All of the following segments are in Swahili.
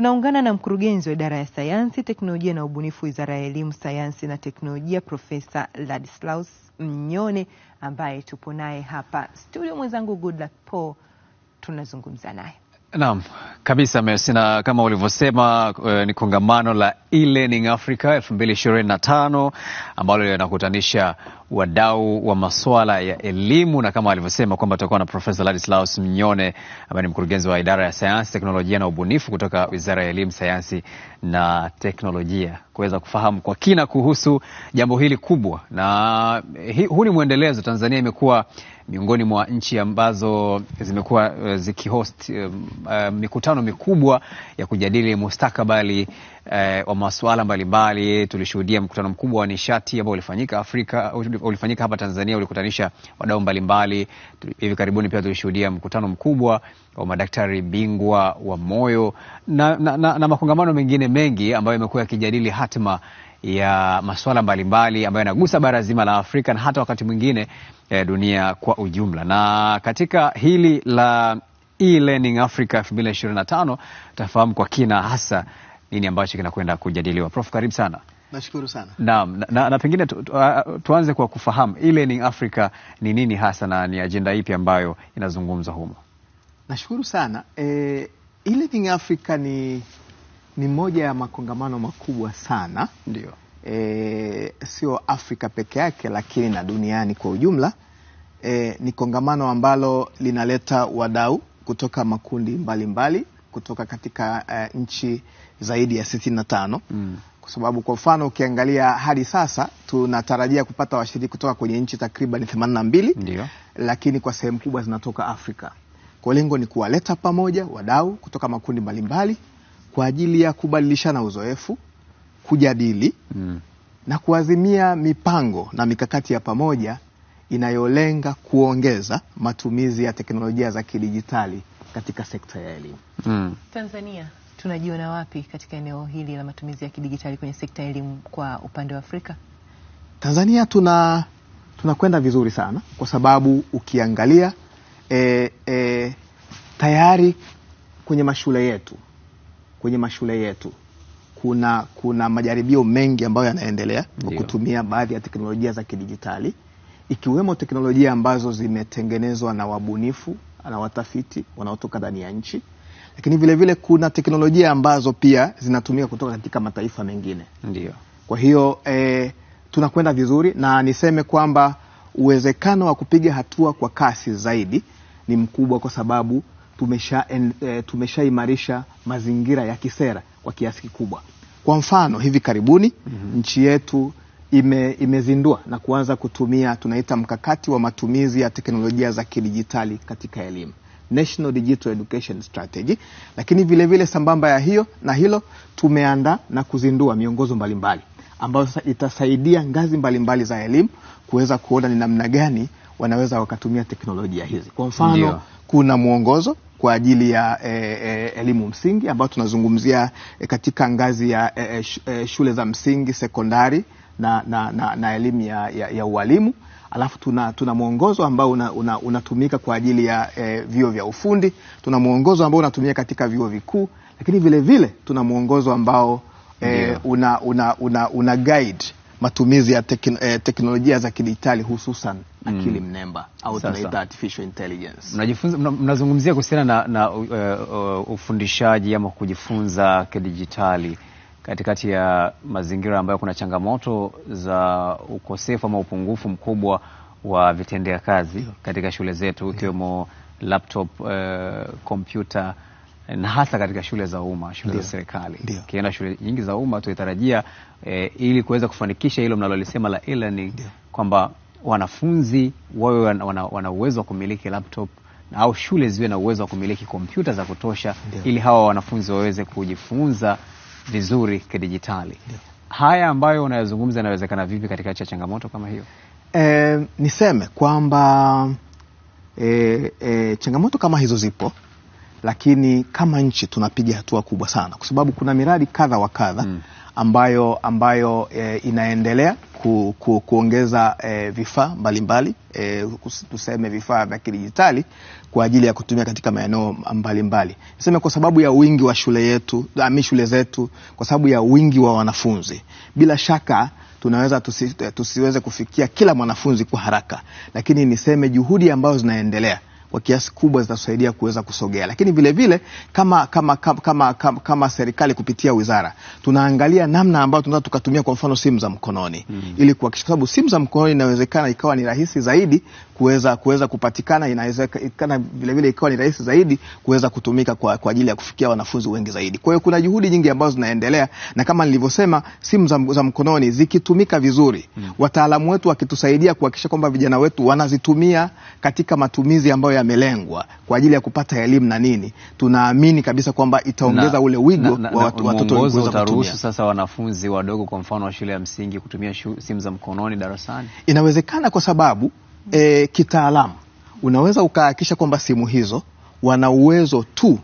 Tunaungana na mkurugenzi wa idara ya sayansi, teknolojia na ubunifu, wizara ya elimu, sayansi na teknolojia, Profesa Ladislaus Mnyone ambaye tupo naye hapa studio. Mwenzangu Goodluck Paul tunazungumza naye. Naam kabisa Mercy, na kama ulivyosema eh, ni kongamano la e-learning Africa 2025 ambalo linakutanisha wadau wa masuala ya elimu, na kama alivyosema kwamba tutakuwa na Profesa Ladislaus Mnyone ambaye ni mkurugenzi wa idara ya sayansi, teknolojia na ubunifu kutoka Wizara ya Elimu, Sayansi na Teknolojia kuweza kufahamu kwa kina kuhusu jambo hili kubwa, na eh, huu ni mwendelezo. Tanzania imekuwa miongoni mwa nchi ambazo zimekuwa eh, zikihost uh, mikutano mikubwa ya kujadili mustakabali uh, wa masuala mbalimbali. Tulishuhudia mkutano mkubwa wa nishati ambao ulifanyika Afrika, ulifanyika hapa Tanzania, ulikutanisha wadau mbalimbali. Hivi karibuni pia tulishuhudia mkutano mkubwa wa madaktari bingwa wa moyo na, na, na, na makongamano mengine mengi ambayo yamekuwa yakijadili hatima ya masuala mbalimbali ambayo yanagusa bara zima la Afrika na hata wakati mwingine eh, dunia kwa ujumla. Na katika hili la e-learning Africa 2025 tafahamu kwa kina hasa nini ambacho kinakwenda kujadiliwa. Prof, karibu sana. Nashukuru sana. Naam, na, na, na pengine tu, tu, tuanze kwa kufahamu e-learning Africa ni nini hasa na ni ajenda ipi ambayo inazungumzwa humo? Nashukuru sana. E, e-learning Africa ni ni moja ya makongamano makubwa sana ndio, e, sio Afrika peke yake, lakini na duniani kwa ujumla. E, ni kongamano ambalo linaleta wadau kutoka makundi mbalimbali mbali, kutoka katika uh, nchi zaidi ya sitini na tano mm. Kwa sababu kwa mfano ukiangalia hadi sasa tunatarajia kupata washiriki kutoka kwenye nchi takriban themanini na mbili ndio, lakini kwa sehemu kubwa zinatoka Afrika. Kwa lengo ni kuwaleta pamoja wadau kutoka makundi mbalimbali mbali, kwa ajili ya kubadilishana uzoefu, kujadili mm. na kuazimia mipango na mikakati ya pamoja inayolenga kuongeza matumizi ya teknolojia za kidijitali katika sekta ya elimu mm. Tanzania tunajiona wapi katika eneo hili la matumizi ya kidijitali kwenye sekta ya elimu kwa upande wa Afrika? Tanzania tuna tunakwenda vizuri sana kwa sababu ukiangalia e, e, tayari kwenye mashule yetu kwenye mashule yetu kuna, kuna majaribio mengi ambayo yanaendelea kwa kutumia baadhi ya teknolojia za kidijitali ikiwemo teknolojia ambazo zimetengenezwa na wabunifu na watafiti wanaotoka ndani ya nchi, lakini vilevile vile kuna teknolojia ambazo pia zinatumika kutoka katika mataifa mengine. Ndiyo. Kwa hiyo e, tunakwenda vizuri na niseme kwamba uwezekano wa kupiga hatua kwa kasi zaidi ni mkubwa kwa sababu Eh, tumeshaimarisha tumesha mazingira ya kisera kwa kiasi kikubwa. Kwa mfano hivi karibuni mm -hmm. nchi yetu ime, imezindua na kuanza kutumia tunaita mkakati wa matumizi ya teknolojia za kidijitali katika elimu National Digital Education Strategy. Lakini vilevile vile sambamba ya hiyo na hilo tumeandaa na kuzindua miongozo mbalimbali ambayo sasa itasaidia ngazi mbalimbali za elimu kuweza kuona ni namna gani wanaweza wakatumia teknolojia hizi. Kwa mfano, Ndiyo. kuna mwongozo kwa ajili ya e, e, elimu msingi ambayo tunazungumzia e, katika ngazi ya e, e, e, shule za msingi, sekondari na, na, na, na elimu ya, ya, ya ualimu. Alafu tuna, tuna mwongozo ambao unatumika una, una kwa ajili ya e, vyuo vya ufundi. Tuna mwongozo ambao unatumika katika vyuo vikuu, lakini vilevile tuna mwongozo ambao e, una, una, una, una guide matumizi ya tekn, eh, teknolojia za kidijitali hususan hmm. akili mm. mnemba au tunaita artificial intelligence. Mnajifunza, mnazungumzia kuhusiana na, na uh, uh, ufundishaji ama kujifunza kidijitali katikati ya mazingira ambayo kuna changamoto za ukosefu ama upungufu mkubwa wa vitendea kazi katika shule zetu ikiwemo laptop kompyuta uh, Eh, na hasa katika shule za umma, shule za serikali. Ukienda shule nyingi za umma tunatarajia eh, ili kuweza kufanikisha hilo mnalolisema la e-learning kwamba wanafunzi wawe wana uwezo wa kumiliki laptop au shule ziwe na uwezo wa kumiliki kompyuta za kutosha Ndiyo. ili hawa wanafunzi waweze kujifunza vizuri kidijitali. Haya ambayo unayozungumza yanawezekana vipi katika cha changamoto kama hiyo? E, niseme kwamba e, e, changamoto kama hizo zipo lakini kama nchi tunapiga hatua kubwa sana, kwa sababu kuna miradi kadha wa kadha mm. ambayo, ambayo e, inaendelea ku, ku, kuongeza e, vifaa mbalimbali e, tuseme vifaa vya kidijitali kwa ajili ya kutumia katika maeneo mbalimbali. Niseme kwa sababu ya wingi wa shule yetu, ami ah, shule zetu, kwa sababu ya wingi wa wanafunzi, bila shaka tunaweza tusi, tusiweze kufikia kila mwanafunzi kwa haraka, lakini niseme juhudi ambazo zinaendelea kwa kiasi kubwa zitasaidia kuweza kusogea. Lakini vile vile kama, kama, kama, kama, kama, kama serikali kupitia wizara tunaangalia namna ambayo tunaweza tukatumia kwa mfano simu za mkononi mm -hmm. ili kuhakikisha, kwa sababu simu za mkononi inawezekana ikawa ni rahisi zaidi kuweza kuweza kupatikana, inawezekana vilevile ikawa ni rahisi zaidi kuweza kutumika kwa, kwa ajili ya kufikia wanafunzi wengi zaidi. Kwa hiyo kuna juhudi nyingi ambazo zinaendelea, na kama nilivyosema, simu za, za mkononi zikitumika vizuri mm -hmm. wataalamu wetu wakitusaidia kuhakikisha kwamba vijana wetu wanazitumia katika matumizi ambayo yamelengwa kwa ajili ya kupata elimu na nini, tunaamini kabisa kwamba itaongeza ule wigo wa watoto kuweza kutumia. sasa wanafunzi wadogo, kwa mfano wa shule ya msingi, kutumia simu za mkononi darasani? Inawezekana kwa sababu e, kitaalamu unaweza ukahakikisha kwamba simu hizo wana uwezo tu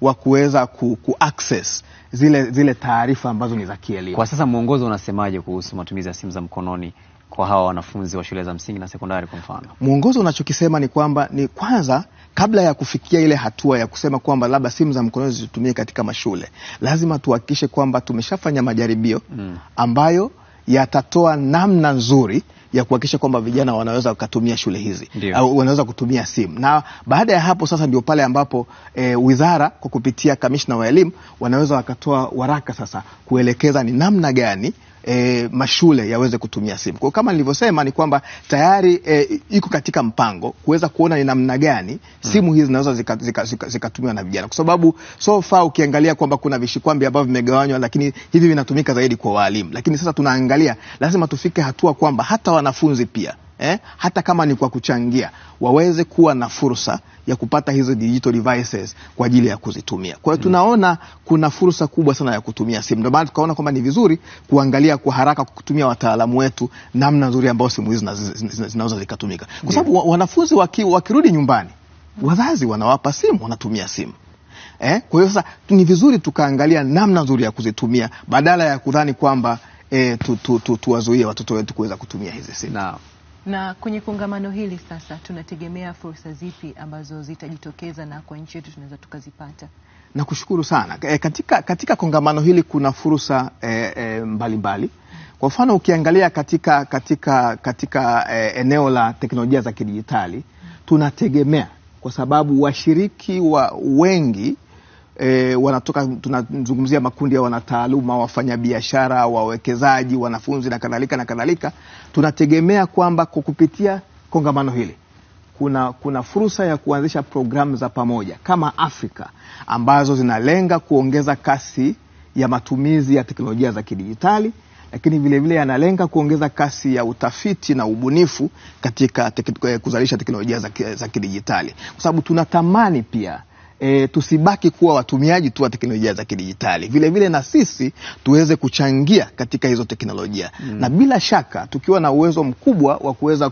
wa kuweza ku, ku access zile, zile taarifa ambazo ni za kielimu. Kwa sasa mwongozo unasemaje kuhusu matumizi ya simu za mkononi? kwa hawa wanafunzi wa shule za msingi na sekondari kwa mfano? Mwongozo unachokisema ni kwamba ni kwanza kabla ya kufikia ile hatua ya kusema kwamba labda simu za mkononi zitumie katika mashule, lazima tuhakikishe kwamba tumeshafanya majaribio mm. ambayo yatatoa namna nzuri ya kuhakikisha kwamba vijana wanaweza kutumia shule hizi au wanaweza kutumia simu, na baada ya hapo sasa ndio pale ambapo e, wizara kwa kupitia kamishna wa elimu wanaweza wakatoa waraka sasa kuelekeza ni namna gani e, mashule yaweze kutumia simu. Kwa kama nilivyosema ni kwamba tayari e, iko katika mpango kuweza kuona ni namna gani hmm. simu hizi zinaweza zikatumiwa zika, zika, zika na vijana, kwa sababu so far ukiangalia kwamba kuna vishikwambi ambavyo vimegawanywa, lakini hivi vinatumika zaidi kwa walimu, lakini sasa tunaangalia, lazima tufike hatua kwamba hata wanafunzi pia eh, hata kama ni kwa kuchangia, waweze kuwa na fursa ya kupata hizo digital devices kwa ajili ya kuzitumia. Kwa hiyo hmm. tunaona kuna fursa kubwa sana ya kutumia simu, ndio maana tukaona kwamba ni vizuri kuangalia kwa haraka kutumia wataalamu wetu namna nzuri ambayo simu hizi zinaweza zikatumika, kwa sababu wanafunzi waki, wakirudi nyumbani wazazi wanawapa simu, wanatumia simu eh? Kwa hiyo sasa ni vizuri tukaangalia namna nzuri ya kuzitumia badala ya kudhani kwamba eh, tu, tu, tu, tu watoto wetu kuweza kutumia hizi simu. Na kwenye kongamano hili sasa tunategemea fursa zipi ambazo zitajitokeza na kwa nchi yetu tunaweza tukazipata? Nakushukuru sana. E, katika, katika kongamano hili kuna fursa eh, eh, mbalimbali e, e, Kwa mfano ukiangalia katika, katika, katika e, eneo la teknolojia za kidijitali tunategemea kwa sababu washiriki wa wengi e, wanatoka tunazungumzia makundi ya wanataaluma, wafanyabiashara, wawekezaji, wanafunzi na kadhalika na kadhalika. Tunategemea kwamba kwa kupitia kongamano hili kuna, kuna fursa ya kuanzisha programu za pamoja kama Afrika ambazo zinalenga kuongeza kasi ya matumizi ya teknolojia za kidijitali, lakini vilevile yanalenga kuongeza kasi ya utafiti na ubunifu katika tek, kuzalisha teknolojia za kidijitali, kwa sababu tunatamani pia e, tusibaki kuwa watumiaji tu wa teknolojia za kidijitali, vilevile na sisi tuweze kuchangia katika hizo teknolojia mm. Na bila shaka tukiwa na uwezo mkubwa wa kuweza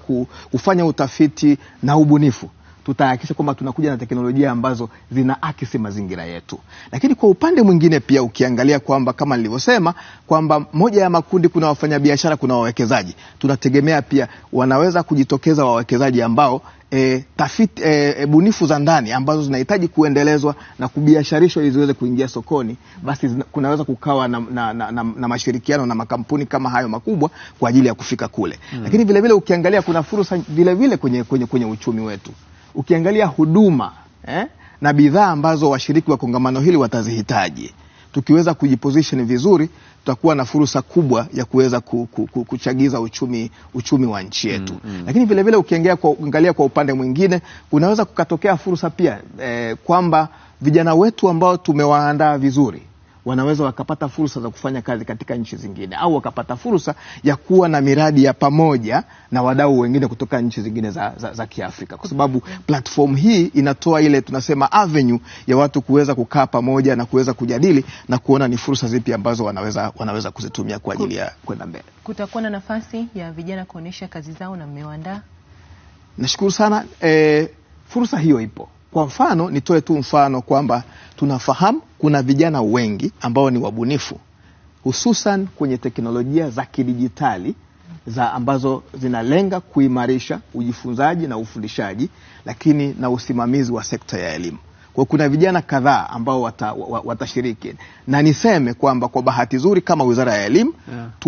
kufanya utafiti na ubunifu tutahakikisha kwamba tunakuja na teknolojia ambazo zina akisi mazingira yetu. Lakini kwa upande mwingine pia ukiangalia kwamba kama nilivyosema kwamba moja ya makundi, kuna wafanyabiashara, kuna wawekezaji, tunategemea pia wanaweza kujitokeza wawekezaji ambao e, tafiti e, e, bunifu za ndani ambazo zinahitaji kuendelezwa na kubiasharishwa ili ziweze kuingia sokoni, basi kunaweza kukawa na, na, na, na, na mashirikiano na makampuni kama hayo makubwa kwa ajili ya kufika kule hmm. Lakini vilevile ukiangalia kuna fursa vilevile kwenye, kwenye, kwenye uchumi wetu ukiangalia huduma eh, na bidhaa ambazo washiriki wa kongamano hili watazihitaji tukiweza kujiposition vizuri tutakuwa na fursa kubwa ya kuweza kuchagiza uchumi, uchumi wa nchi yetu mm, mm. Lakini vilevile ukiangalia kwa, kwa upande mwingine kunaweza kukatokea fursa pia eh, kwamba vijana wetu ambao tumewaandaa vizuri wanaweza wakapata fursa za kufanya kazi katika nchi zingine au wakapata fursa ya kuwa na miradi ya pamoja na wadau wengine kutoka nchi zingine za, za, za Kiafrika, kwa sababu platform hii inatoa ile tunasema avenue ya watu kuweza kukaa pamoja na kuweza kujadili na kuona ni fursa zipi ambazo wanaweza, wanaweza kuzitumia kwa ajili ya kwenda mbele. Kutakuwa na nafasi ya vijana kuonyesha kazi zao na mmewaandaa. Nashukuru sana e, fursa hiyo ipo kwa mfano nitoe tu mfano kwamba tunafahamu kuna vijana wengi ambao ni wabunifu hususan kwenye teknolojia za kidijitali za ambazo zinalenga kuimarisha ujifunzaji na ufundishaji, lakini na usimamizi wa sekta ya elimu. Kwa kuna vijana kadhaa ambao watashiriki wata, na niseme kwamba kwa bahati nzuri kama Wizara ya Elimu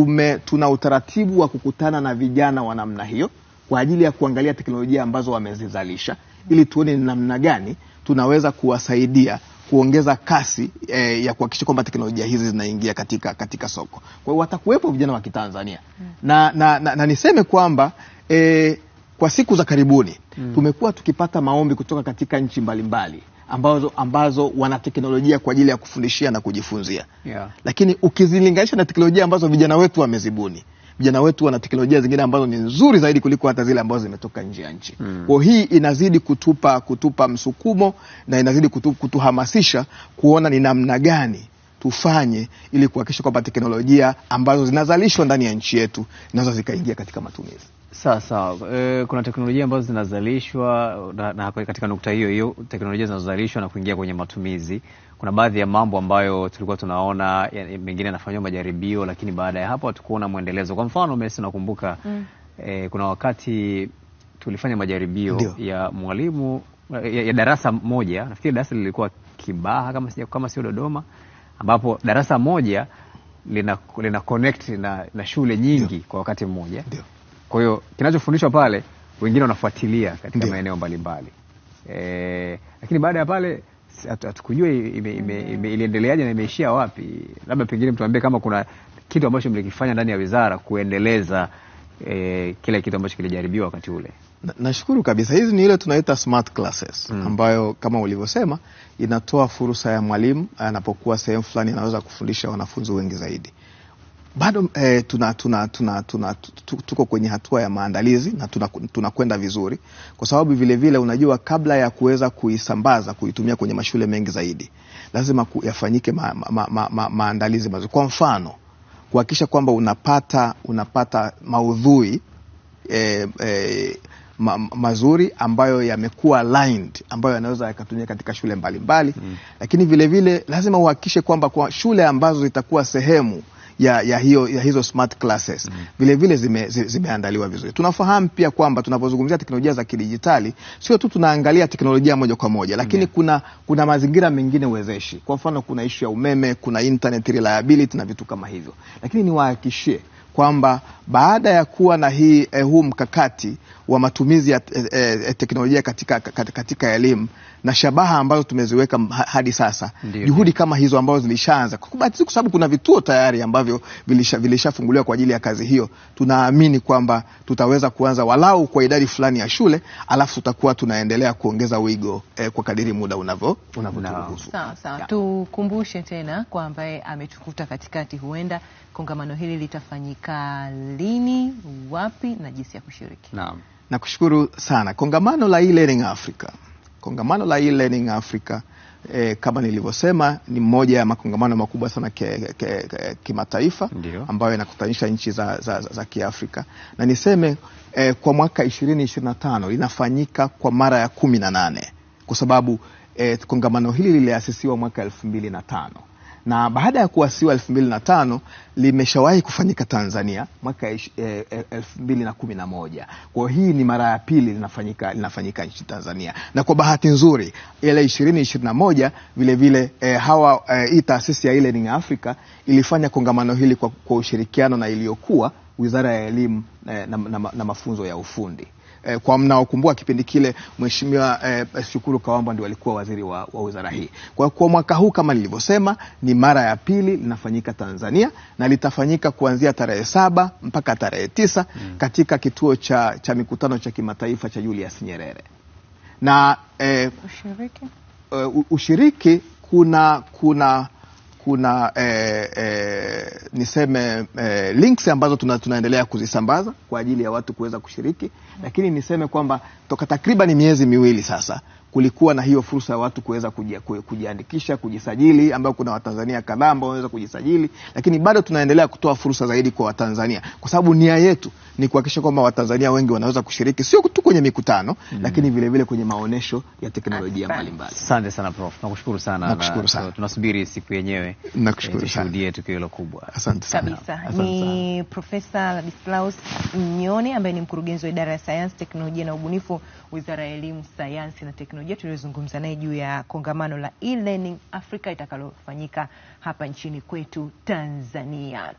yeah, tuna utaratibu wa kukutana na vijana wa namna hiyo kwa ajili ya kuangalia teknolojia ambazo wamezizalisha ili tuone ni namna gani tunaweza kuwasaidia kuongeza kasi e, ya kuhakikisha kwamba teknolojia hizi zinaingia katika, katika soko. Kwa hiyo watakuwepo vijana wa Kitanzania hmm. na, na, na, na niseme kwamba e, kwa siku za karibuni hmm. tumekuwa tukipata maombi kutoka katika nchi mbalimbali ambazo, ambazo wana teknolojia kwa ajili ya kufundishia na kujifunzia yeah. Lakini ukizilinganisha na teknolojia ambazo vijana wetu wamezibuni vijana wetu wana teknolojia zingine ambazo ni nzuri zaidi kuliko hata zile ambazo zimetoka nje ya nchi. Mm. Kwa hii inazidi kutupa kutupa msukumo na inazidi kutu, kutuhamasisha kuona ni namna gani tufanye ili kuhakikisha kwamba teknolojia ambazo zinazalishwa ndani ya nchi yetu nazo zikaingia katika matumizi. Sawa sawa. E, kuna teknolojia ambazo zinazalishwa na, na katika nukta hiyo hiyo teknolojia zinazozalishwa na kuingia kwenye matumizi kuna baadhi ya mambo ambayo tulikuwa tunaona mengine yanafanywa majaribio, lakini baada ya hapo hatukuona mwendelezo. Kwa mfano Messi, nakumbuka mm. eh, kuna wakati tulifanya majaribio Dio. ya mwalimu ya, ya darasa moja, nafikiri darasa lilikuwa Kibaha kama sio kama sio Dodoma, ambapo darasa moja lina, lina connect na, na shule nyingi Dio. kwa wakati mmoja. Kwa hiyo kinachofundishwa pale wengine wanafuatilia katika maeneo mbalimbali, eh, lakini baada ya pale hatukujua iliendeleaje na imeishia wapi. Labda pengine mtuambie kama kuna kitu ambacho mlikifanya ndani ya wizara kuendeleza e, kile kitu ambacho kilijaribiwa wakati ule. Nashukuru na kabisa. Hizi ni ile tunaita smart classes mm, ambayo kama ulivyosema inatoa fursa ya mwalimu anapokuwa sehemu fulani anaweza kufundisha wanafunzi wengi zaidi bado eh, tuna, tuna, tuna, tuna, tuko kwenye hatua ya maandalizi na tunakwenda tuna vizuri, kwa sababu vilevile vile, unajua kabla ya kuweza kuisambaza kuitumia kwenye mashule mengi zaidi lazima yafanyike ma, ma, ma, ma, maandalizi mazuri, kwa mfano kuhakikisha kwamba unapata, unapata maudhui eh, eh, ma, mazuri ambayo yamekuwa ambayo yanaweza yakatumia katika shule mbalimbali mbali. Mm. Lakini vilevile vile, lazima uhakikishe kwamba kwa shule ambazo zitakuwa sehemu ya, ya, hiyo, ya hizo smart classes mm. vile vile zime, zimeandaliwa vizuri. Tunafahamu pia kwamba tunapozungumzia teknolojia za kidijitali sio tu tunaangalia teknolojia moja kwa moja, lakini yeah. kuna, kuna mazingira mengine wezeshi. Kwa mfano, kuna ishu ya umeme, kuna internet reliability na vitu kama hivyo, lakini niwahakikishie kwamba baada ya kuwa na hii eh, huu mkakati wa matumizi ya eh, eh, teknolojia katika, katika elimu na shabaha ambazo tumeziweka hadi sasa ndiyo. Juhudi kama hizo ambazo zilishaanza kwa sababu kuna vituo tayari ambavyo vilishafunguliwa kwa ajili ya kazi hiyo, tunaamini kwamba tutaweza kuanza walau kwa idadi fulani ya shule, alafu tutakuwa tunaendelea kuongeza wigo eh, kwa kadiri muda unavyo unavyoruhusu. Sawa sawa, tukumbushe tena kwa ambaye eh, ametukuta katikati, huenda kongamano hili litafanyika lini, wapi na jinsi ya kushiriki. Naam, nakushukuru sana. Kongamano la e-learning Africa kongamano la e-learning Africa E, kama nilivyosema ni moja ya makongamano makubwa sana kimataifa ambayo yanakutanisha nchi za, za, za, za Kiafrika na niseme e, kwa mwaka 2025 linafanyika kwa mara ya kumi na nane kwa sababu e, kongamano hili liliasisiwa mwaka elfu mbili na tano na baada ya kuwasiwa elfu mbili na tano limeshawahi kufanyika Tanzania mwaka eh, eh, elfu mbili na kumi na moja. Kwa hiyo hii ni mara ya pili linafanyika, linafanyika nchi Tanzania, na kwa bahati nzuri ile ishirini ishirini na moja vilevile e, eh, hawa hii taasisi ya e-learning Africa ilifanya kongamano hili kwa, kwa ushirikiano na iliyokuwa Wizara ya Elimu eh, na, na, na mafunzo ya ufundi eh, kwa mnaokumbuka kipindi kile Mheshimiwa eh, Shukuru Kawamba ndio alikuwa waziri wa, wa wizara hii. Kwa, kwa mwaka huu kama nilivyosema ni mara ya pili linafanyika Tanzania na litafanyika kuanzia tarehe saba mpaka tarehe tisa mm. katika kituo cha, cha mikutano cha kimataifa cha Julius Nyerere na eh, ushiriki, uh, ushiriki kuna kuna kuna eh, eh, niseme eh, links ambazo tuna, tunaendelea kuzisambaza kwa ajili ya watu kuweza kushiriki, lakini niseme kwamba toka takriban miezi miwili sasa kulikuwa na hiyo fursa ya watu kuweza kujiandikisha kujisajili, ambao kuna Watanzania kadhaa ambao wanaweza kujisajili, lakini bado tunaendelea kutoa fursa zaidi kwa Watanzania kwa sababu nia yetu ni kuhakikisha kwamba Watanzania wengi wanaweza kushiriki sio tu kwenye mikutano mm, lakini vile vile kwenye maonyesho ya teknolojia mbalimbali. Asante sana Prof, nakushukuru sana, nakushukuru sana. Tunasubiri siku yenyewe tushuhudie eh, tukio hilo kubwa. Asante sana kabisa. Ni Profesa Ladislaus Mnyone ambaye ni mkurugenzi wa idara ya sayansi, teknolojia na ubunifu, Wizara ya Elimu, Sayansi na Teknolojia teknolojia tuliyozungumza naye juu ya kongamano la e-learning Afrika itakalofanyika hapa nchini kwetu Tanzania.